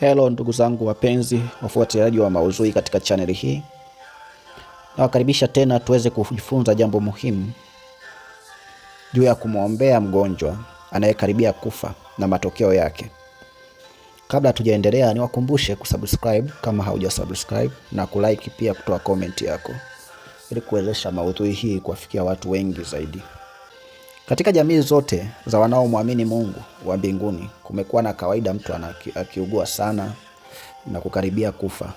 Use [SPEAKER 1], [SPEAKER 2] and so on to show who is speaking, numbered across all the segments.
[SPEAKER 1] Hello ndugu zangu wapenzi wafuatiliaji wa maudhui katika chaneli hii, nawakaribisha tena tuweze kujifunza jambo muhimu juu ya kumwombea mgonjwa anayekaribia kufa na matokeo yake. Kabla tujaendelea, niwakumbushe kusubscribe kama haujasubscribe na kulike, pia kutoa comment yako ili kuwezesha maudhui hii kuwafikia watu wengi zaidi. Katika jamii zote za wanaomwamini Mungu wa mbinguni kumekuwa na kawaida mtu akiugua sana na kukaribia kufa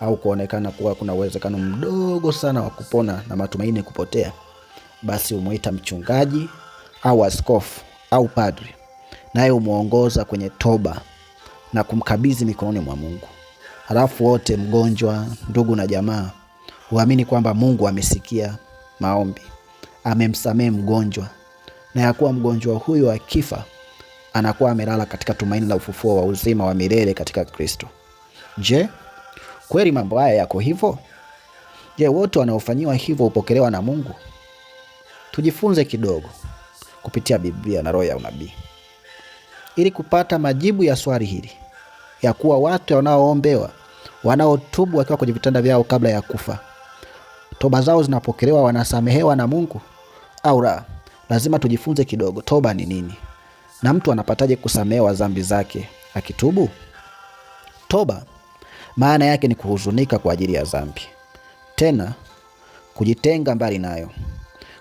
[SPEAKER 1] au kuonekana kuwa kuna uwezekano mdogo sana wa kupona na matumaini kupotea, basi humwita mchungaji au askofu au padri, naye humwongoza kwenye toba na kumkabidhi mikononi mwa Mungu. Halafu wote, mgonjwa, ndugu na jamaa, huamini kwamba Mungu amesikia maombi, amemsamehe mgonjwa na ya kuwa mgonjwa huyu akifa anakuwa amelala katika tumaini la ufufuo wa uzima wa milele katika Kristo. Je, kweli mambo haya yako hivyo? Je, wote wanaofanyiwa hivyo hupokelewa na Mungu? Tujifunze kidogo kupitia Biblia na roho ya unabii ili kupata majibu ya swali hili ya kuwa watu wanaoombewa wanaotubu wakiwa kwenye vitanda vyao kabla ya kufa, toba zao zinapokelewa, wanasamehewa na Mungu au la? lazima tujifunze kidogo toba ni nini, na mtu anapataje kusamehewa dhambi zake akitubu. Toba maana yake ni kuhuzunika kwa ajili ya dhambi, tena kujitenga mbali nayo.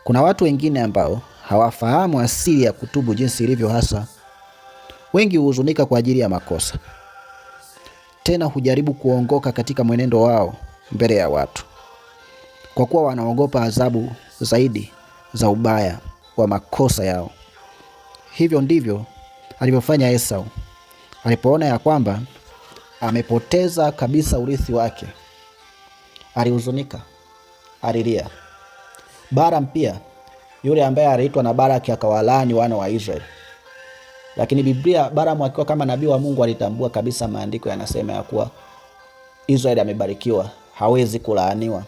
[SPEAKER 1] Kuna watu wengine ambao hawafahamu asili ya kutubu jinsi ilivyo hasa. Wengi huhuzunika kwa ajili ya makosa, tena hujaribu kuongoka katika mwenendo wao mbele ya watu, kwa kuwa wanaogopa adhabu zaidi za ubaya wa makosa yao. Hivyo ndivyo alivyofanya Esau alipoona ya kwamba amepoteza kabisa urithi wake. Alihuzunika, alilia. Balaam pia yule ambaye aliitwa na Balaki akawalaani wana wa Israeli, lakini Biblia, Balaam akiwa kama nabii wa Mungu alitambua kabisa, maandiko yanasema ya kuwa Israeli amebarikiwa, hawezi kulaaniwa.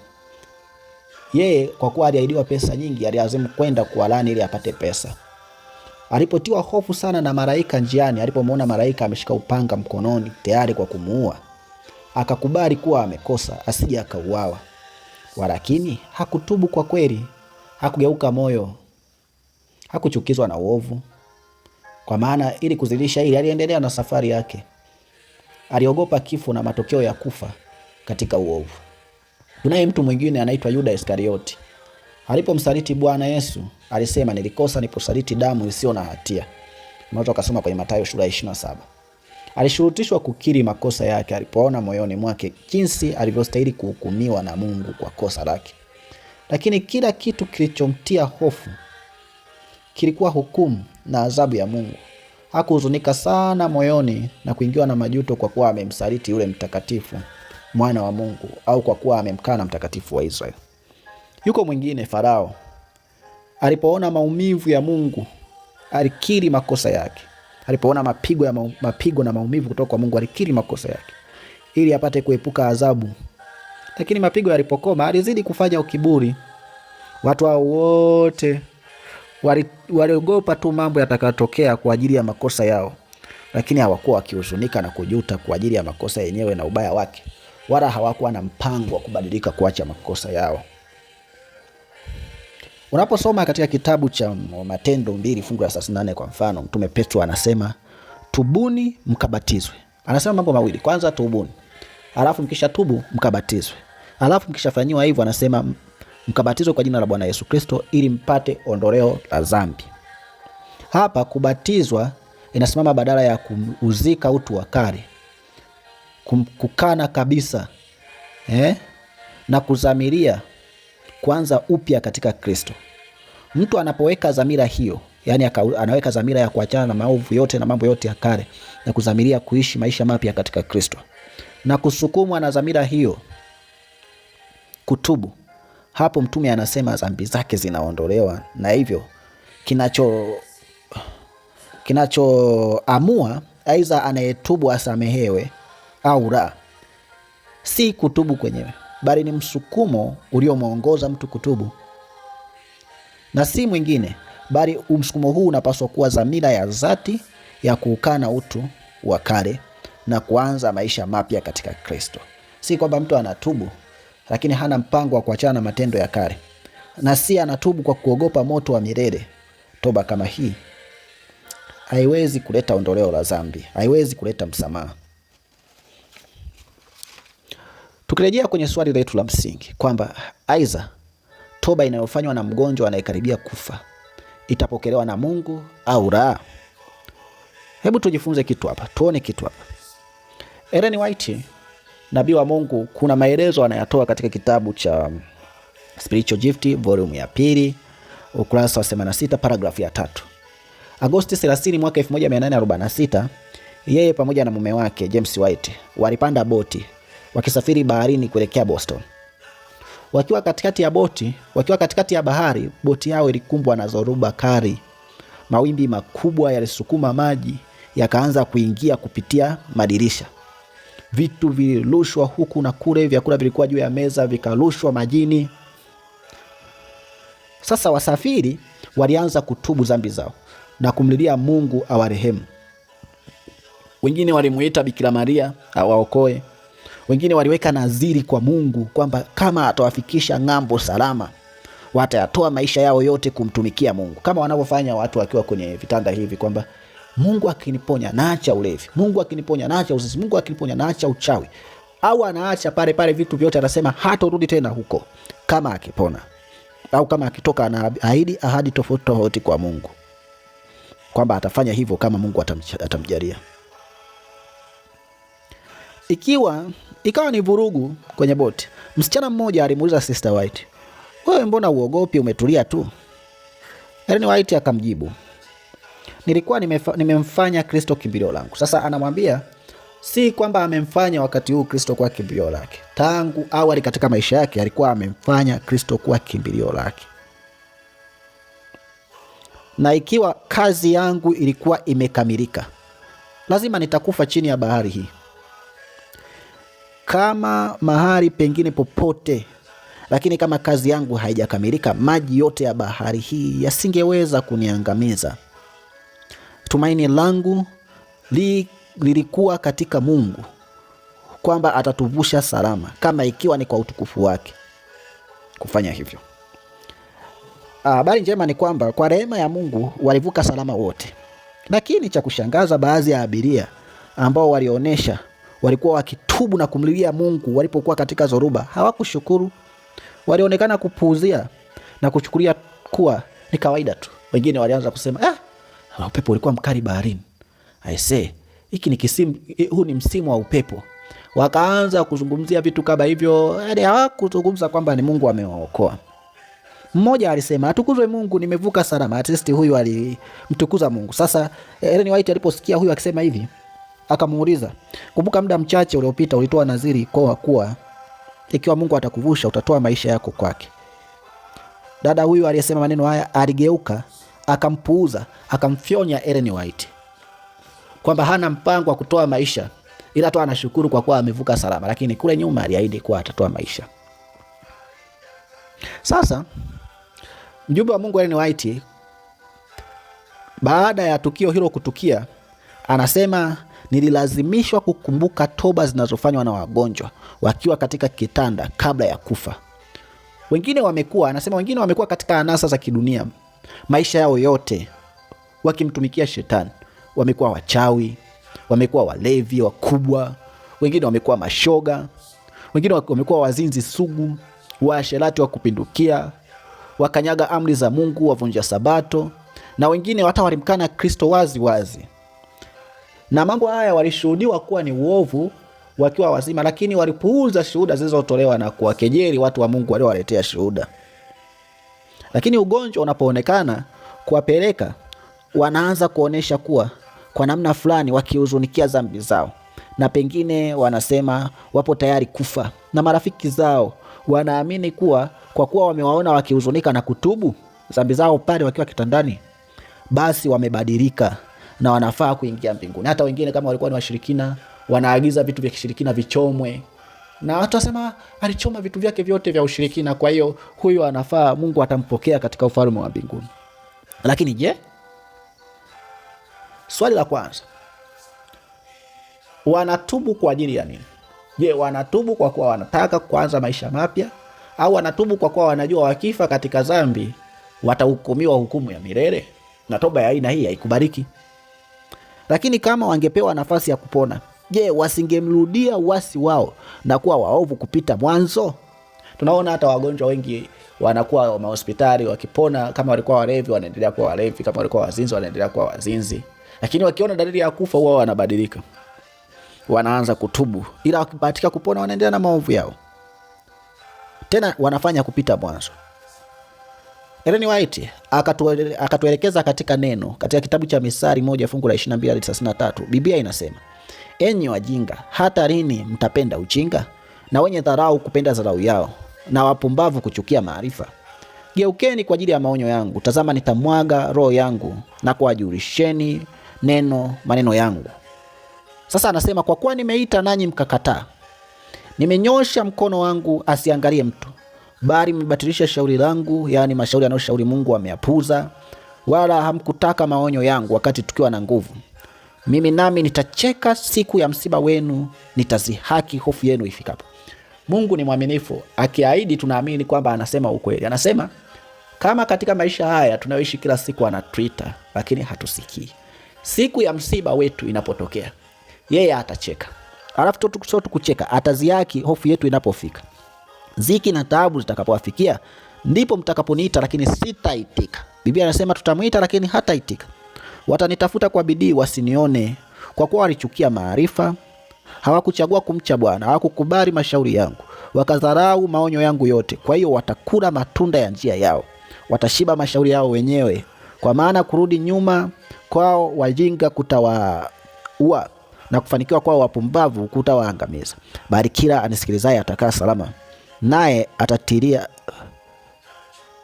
[SPEAKER 1] Yeye kwa kuwa aliahidiwa pesa nyingi, aliazimu kwenda kuwalani ili apate pesa. Alipotiwa hofu sana na malaika njiani, alipomwona malaika ameshika upanga mkononi tayari kwa kumuua, akakubali kuwa amekosa, asije akauawa. Walakini hakutubu kwa kweli, hakugeuka moyo, hakuchukizwa na uovu, kwa maana ili kuzidisha hili aliendelea na safari yake. Aliogopa kifo na matokeo ya kufa katika uovu. Tunaye mtu mwingine anaitwa Yuda Iskarioti. Alipomsaliti Bwana Yesu alisema, nilikosa niposaliti damu isiyo na hatia. Unaweza kusoma kwenye Mathayo sura ya 27. Alishurutishwa kukiri makosa yake alipoona moyoni mwake jinsi alivyostahili kuhukumiwa na Mungu kwa kosa lake, lakini kila kitu kilichomtia hofu kilikuwa hukumu na adhabu ya Mungu. Hakuhuzunika sana moyoni na kuingiwa na majuto kwa kuwa amemsaliti yule mtakatifu mwana wa Mungu au kwa kuwa amemkana mtakatifu wa Israeli. Yuko mwingine Farao, alipoona maumivu ya Mungu alikiri makosa yake. Alipoona mapigo ya mapigo na maumivu kutoka kwa Mungu alikiri makosa yake ili apate kuepuka adhabu, lakini mapigo yalipokoma alizidi kufanya ukiburi. Watu hao wote waliogopa tu mambo yatakayotokea kwa ajili ya makosa yao, lakini hawakuwa wakihuzunika na kujuta kwa ajili ya makosa yenyewe na ubaya wake wala hawakuwa na mpango wa kubadilika kuacha makosa yao. Unaposoma katika kitabu cha Matendo mbili fungu la 38 kwa mfano, Mtume Petro anasema tubuni mkabatizwe. Anasema mambo mawili, kwanza tubuni, alafu mkisha tubu mkabatizwe, alafu mkishafanyiwa hivyo, anasema mkabatizwe kwa jina la Bwana Yesu Kristo ili mpate ondoleo la dhambi. Hapa kubatizwa inasimama badala ya kuuzika utu wa kale kukana kabisa eh, na kuzamiria kwanza upya katika Kristo. Mtu anapoweka dhamira hiyo, yani anaweka dhamira ya kuachana na maovu yote na mambo yote ya kale na kuzamiria kuishi maisha mapya katika Kristo, na kusukumwa na dhamira hiyo kutubu, hapo mtume anasema dhambi zake zinaondolewa, na hivyo kinacho kinachoamua aidha anayetubu asamehewe au la. Si kutubu kwenyewe, bali ni msukumo uliomwongoza mtu kutubu na si mwingine, bali msukumo huu unapaswa kuwa dhamira ya dhati ya kuukana utu wa kale na kuanza maisha mapya katika Kristo. Si kwamba mtu anatubu lakini hana mpango wa kuachana na matendo ya kale, na si anatubu kwa kuogopa moto wa milele. Toba kama hii haiwezi kuleta ondoleo la dhambi, haiwezi kuleta msamaha. Tukirejea kwenye swali letu la msingi kwamba aidha toba inayofanywa na mgonjwa anayekaribia kufa itapokelewa na Mungu au la. Hebu tujifunze kitu hapa, tuone kitu hapa. Ellen White nabii wa Mungu, kuna maelezo anayatoa katika kitabu cha um, Spiritual Gift volume ya pili ukurasa wa 86 paragrafu ya tatu. Agosti 30 mwaka 1846, yeye pamoja na mume wake James White walipanda boti wakisafiri baharini kuelekea Boston. Wakiwa katikati ya boti, wakiwa katikati ya bahari, boti yao ilikumbwa na zoruba kali. Mawimbi makubwa yalisukuma maji yakaanza kuingia kupitia madirisha. Vitu vilirushwa huku na kule, vyakula vilikuwa juu ya meza vikarushwa majini. Sasa wasafiri walianza kutubu dhambi zao na kumlilia Mungu awarehemu. Wengine walimuita Bikira Maria awaokoe. Wengine waliweka naziri kwa Mungu kwamba kama atawafikisha ng'ambo salama watayatoa maisha yao yote kumtumikia Mungu, kama wanavyofanya watu wakiwa kwenye vitanda hivi kwamba Mungu akiniponya naacha ulevi, Mungu akiniponya naacha uzizi Mungu akiniponya naacha uchawi, au anaacha pale pale vitu vyote, anasema hatorudi tena huko kama akipona au kama akitoka, anaahidi ahadi tofauti tofauti kwa Mungu kwamba atafanya hivyo kama Mungu atamjalia ikiwa ikawa ni vurugu kwenye boti. Msichana mmoja alimuuliza Sister White, wewe mbona uogopi, umetulia tu? Ellen White akamjibu, nilikuwa nimemfanya Kristo kimbilio langu. Sasa anamwambia si kwamba amemfanya wakati huu Kristo kuwa kimbilio lake. Tangu awali katika maisha yake alikuwa amemfanya Kristo kuwa kimbilio lake, na ikiwa kazi yangu ilikuwa imekamilika, lazima nitakufa chini ya bahari hii kama mahali pengine popote, lakini kama kazi yangu haijakamilika, maji yote ya bahari hii yasingeweza kuniangamiza. Tumaini langu li, lilikuwa katika Mungu kwamba atatuvusha salama, kama ikiwa ni kwa utukufu wake kufanya hivyo. Ah, habari njema ni kwamba kwa rehema ya Mungu walivuka salama wote, lakini cha kushangaza, baadhi ya abiria ambao walionyesha walikuwa wakitubu na kumlilia Mungu walipokuwa katika zoruba, hawakushukuru. Walionekana kupuuzia na kuchukulia kuwa ni kawaida tu. Wengine walianza kusema ah, upepo ulikuwa mkali baharini, I say, hiki ni kisimu, huu ni msimu wa upepo. Wakaanza kuzungumzia vitu kama hivyo, yani hawakuzungumza kwamba ni Mungu amewaokoa. Mmoja alisema atukuzwe Mungu, nimevuka salama. Artist huyu alimtukuza Mungu. Sasa Ellen White aliposikia huyu akisema hivi Akamuuliza, kumbuka muda mchache uliopita ulitoa nadhiri kwa kuwa ikiwa Mungu atakuvusha utatoa maisha yako kwake. Dada huyu aliyesema maneno haya aligeuka akampuuza, akamfyonya Ellen White kwamba hana mpango wa kutoa maisha, ila tu anashukuru kwa kuwa amevuka salama, lakini kule nyuma aliahidi kuwa atatoa maisha. Sasa mjumbe wa Mungu Ellen White baada ya tukio hilo kutukia, anasema Nililazimishwa kukumbuka toba zinazofanywa na wagonjwa wakiwa katika kitanda kabla ya kufa. Wengine wamekuwa anasema, wengine wamekuwa katika anasa za kidunia maisha yao yote wakimtumikia Shetani. Wamekuwa wachawi, wamekuwa walevi wakubwa, wengine wamekuwa mashoga, wengine wamekuwa wazinzi sugu, waasherati wa kupindukia, wakanyaga amri za Mungu, wavunja Sabato, na wengine hata walimkana Kristo wazi wazi na mambo haya walishuhudiwa kuwa ni uovu wakiwa wazima, lakini walipuuza shuhuda zilizotolewa na kuwakejeli watu wa Mungu waliowaletea shuhuda. Lakini ugonjwa unapoonekana kuwapeleka, wanaanza kuonyesha kuwa kwa namna fulani wakihuzunikia dhambi zao, na pengine wanasema wapo tayari kufa, na marafiki zao wanaamini kuwa kwa kuwa wamewaona wakihuzunika na kutubu dhambi zao pale wakiwa kitandani, basi wamebadilika na wanafaa kuingia mbinguni. Hata wengine kama walikuwa ni washirikina, wanaagiza vitu vya kishirikina vichomwe, na watu wasema alichoma vitu vyake vyote vya ushirikina, kwa hiyo huyu anafaa, Mungu atampokea katika ufalme wa mbinguni. Lakini je, swali la kwanza, wanatubu kwa ajili ya nini? Je, wanatubu kwa kuwa wanataka kuanza maisha mapya au wanatubu kwa kuwa wanajua wakifa katika dhambi watahukumiwa hukumu ya milele na toba ya aina hii haikubariki? Lakini kama wangepewa nafasi ya kupona, je, wasingemrudia uasi wao na kuwa waovu kupita mwanzo? Tunaona hata wagonjwa wengi wanakuwa mahospitali wakipona, kama walikuwa walevi wanaendelea kuwa walevi, kama walikuwa wazinzi wanaendelea kuwa wazinzi, lakini wakiona dalili ya kufa huwa wanabadilika, wanaanza kutubu, ila wakibahatika kupona wanaendelea na maovu yao, tena wanafanya kupita mwanzo. Ellen White akatuelekeza katika neno katika kitabu cha Misali moja fungu la 22 hadi 33. Biblia inasema, enyi wajinga, hata lini mtapenda ujinga, na wenye dharau kupenda dharau yao, na wapumbavu kuchukia maarifa? Geukeni kwa ajili ya maonyo yangu, tazama nitamwaga roho yangu na kuwajulisheni neno maneno yangu. Sasa anasema kwa kuwa nimeita nanyi mkakataa, nimenyosha mkono wangu asiangalie mtu bali mmebatilisha shauri langu, yaani mashauri yanayoshauri Mungu ameyapuza, wala hamkutaka maonyo yangu wakati tukiwa na nguvu. Mimi nami nitacheka siku ya msiba wenu, nitazihaki hofu yenu ifikapo. Mungu ni mwaminifu, akiahidi tunaamini kwamba anasema ukweli. Anasema kama katika maisha haya tunayoishi kila siku anatuita, lakini hatusikii. Siku ya msiba wetu inapotokea, yeye atacheka, alafu kucheka, ataziaki hofu yetu inapofika. Ziki na taabu zitakapowafikia ndipo mtakaponiita, lakini sitaitika. Biblia anasema tutamwita, lakini hataitika. Watanitafuta kwa bidii, wasinione, kwa kuwa walichukia maarifa. Hawakuchagua kumcha Bwana, hawakukubali mashauri yangu, wakadharau maonyo yangu yote. Kwa hiyo watakula matunda ya njia yao, watashiba mashauri yao wenyewe, kwa maana kurudi nyuma kwao wajinga kutawaua na kufanikiwa kwao wapumbavu kutawaangamiza. Bali kila anisikilizaye atakaa salama naye atatiria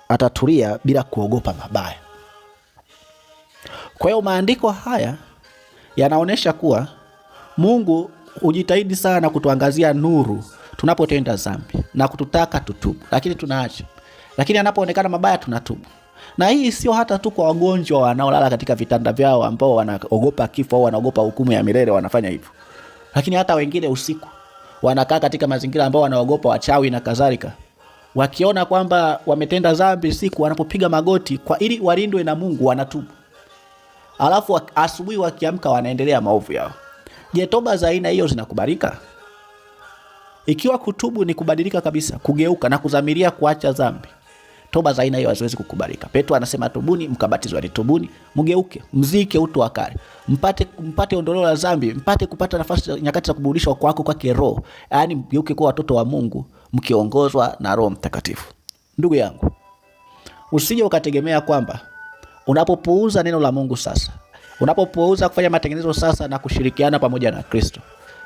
[SPEAKER 1] atatulia bila kuogopa mabaya. Kwa hiyo maandiko haya yanaonyesha kuwa Mungu hujitahidi sana kutuangazia nuru tunapotenda dhambi na kututaka tutubu, lakini tunaacha. Lakini anapoonekana mabaya tunatubu, na hii sio hata tu kwa wagonjwa wanaolala katika vitanda vyao ambao wanaogopa kifo au wanaogopa hukumu ya milele, wanafanya hivyo, lakini hata wengine usiku wanakaa katika mazingira ambao wanaogopa wachawi na kadhalika. Wakiona kwamba wametenda dhambi, siku wanapopiga magoti kwa ili walindwe na Mungu wanatubu, alafu asubuhi wakiamka wanaendelea maovu yao. Je, toba za aina hiyo zinakubalika? Ikiwa kutubu ni kubadilika kabisa, kugeuka na kuzamiria kuacha dhambi toba za aina hiyo haziwezi kukubalika. Petro anasema tubuni, mkabatizwa Ni tubuni, mgeuke, mzike utu wa kale, mpate mpate ondoleo la dhambi, mpate kupata nafasi nyakati za kuburudishwa kwako kwa kiroho, yaani mgeuke kuwa watoto wa Mungu mkiongozwa na Roho Mtakatifu. Ndugu yangu, usije ukategemea kwamba unapopuuza neno la Mungu sasa, unapopuuza kufanya matengenezo sasa na kushirikiana pamoja na Kristo,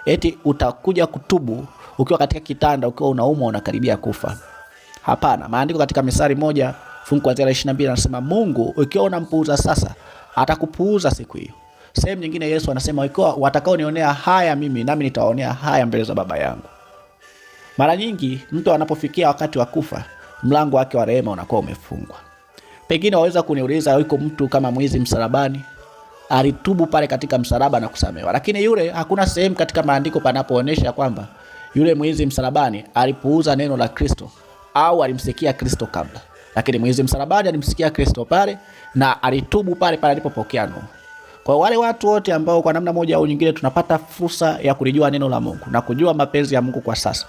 [SPEAKER 1] eti utakuja kutubu ukiwa katika kitanda, ukiwa unaumwa, unakaribia kufa. Hapana, maandiko katika misari moja fungu kuanzia la 22 anasema Mungu ukiwa unampuuza sasa, atakupuuza siku hiyo. Sehemu nyingine Yesu anasema ikiwa watakaonionea haya mimi, nami nitawaonea haya mbele za Baba yangu. Mara nyingi mtu anapofikia wakati wa kufa, mlango wake wa rehema unakuwa umefungwa. Pengine waweza kuniuliza, yuko mtu kama mwizi msalabani, alitubu pale katika msalaba na kusamewa, lakini yule, hakuna sehemu katika maandiko panapoonyesha kwamba yule mwizi msalabani alipuuza neno la Kristo au alimsikia Kristo kabla, lakini mwizi msalabani alimsikia Kristo pale na alitubu pale pale alipopokea nuru. Kwa wale watu wote ambao kwa namna moja au nyingine tunapata fursa ya kulijua neno la Mungu na kujua mapenzi ya Mungu kwa sasa,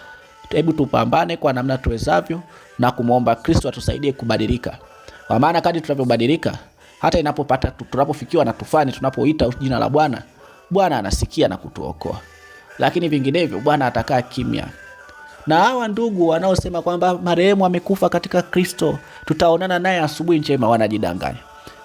[SPEAKER 1] hebu tupambane kwa namna tuwezavyo na kumwomba Kristo atusaidie kubadilika, kwa maana kadri tunavyobadilika hata inapopata tunapofikiwa na tufani, tunapoita jina la Bwana, Bwana anasikia na kutuokoa, lakini vinginevyo Bwana atakaa kimya. Na hawa ndugu wanaosema kwamba marehemu amekufa katika Kristo, tutaonana naye asubuhi njema, wanajidanganya.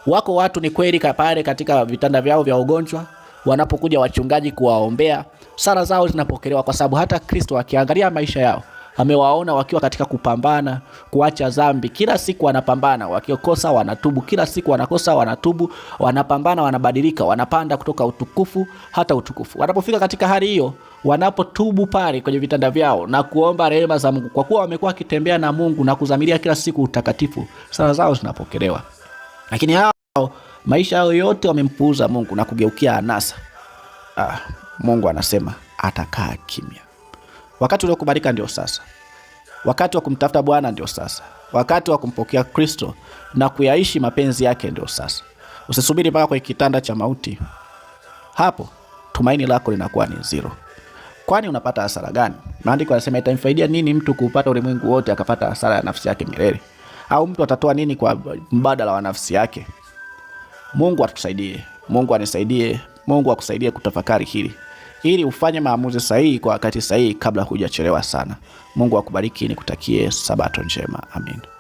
[SPEAKER 1] Wako watu ni kweli pale katika vitanda vyao vya ugonjwa, wanapokuja wachungaji kuwaombea, sala zao zinapokelewa, kwa sababu hata Kristo akiangalia maisha yao amewaona wakiwa katika kupambana kuacha dhambi. Kila siku wanapambana, wakikosa wanatubu, kila siku wanakosa wanatubu, wanapambana, wanabadilika, wanapanda kutoka utukufu hata utukufu. Wanapofika katika hali hiyo, wanapotubu pale kwenye vitanda vyao na kuomba rehema za Mungu, kwa kuwa wamekuwa wakitembea na Mungu na kuzamilia kila siku utakatifu, sala zao zinapokelewa. Lakini hao maisha yao yote wamempuuza Mungu na kugeukia anasa. Ah, Mungu anasema atakaa kimya. Wakati uliokubalika ndio sasa. Wakati wa kumtafuta Bwana ndio sasa. Wakati wa kumpokea Kristo na kuyaishi mapenzi yake ndio sasa. Usisubiri mpaka kwenye kitanda cha mauti, hapo tumaini lako linakuwa ni zero. Kwani unapata hasara gani? Maandiko yanasema itamfaidia nini mtu kuupata ulimwengu wote akapata hasara ya nafsi yake milele? Au mtu atatoa nini kwa mbadala wa nafsi yake? Mungu atusaidie, Mungu anisaidie, Mungu akusaidie kutafakari hili ili ufanye maamuzi sahihi kwa wakati sahihi kabla hujachelewa sana. Mungu akubariki, nikutakie sabato njema. Amin.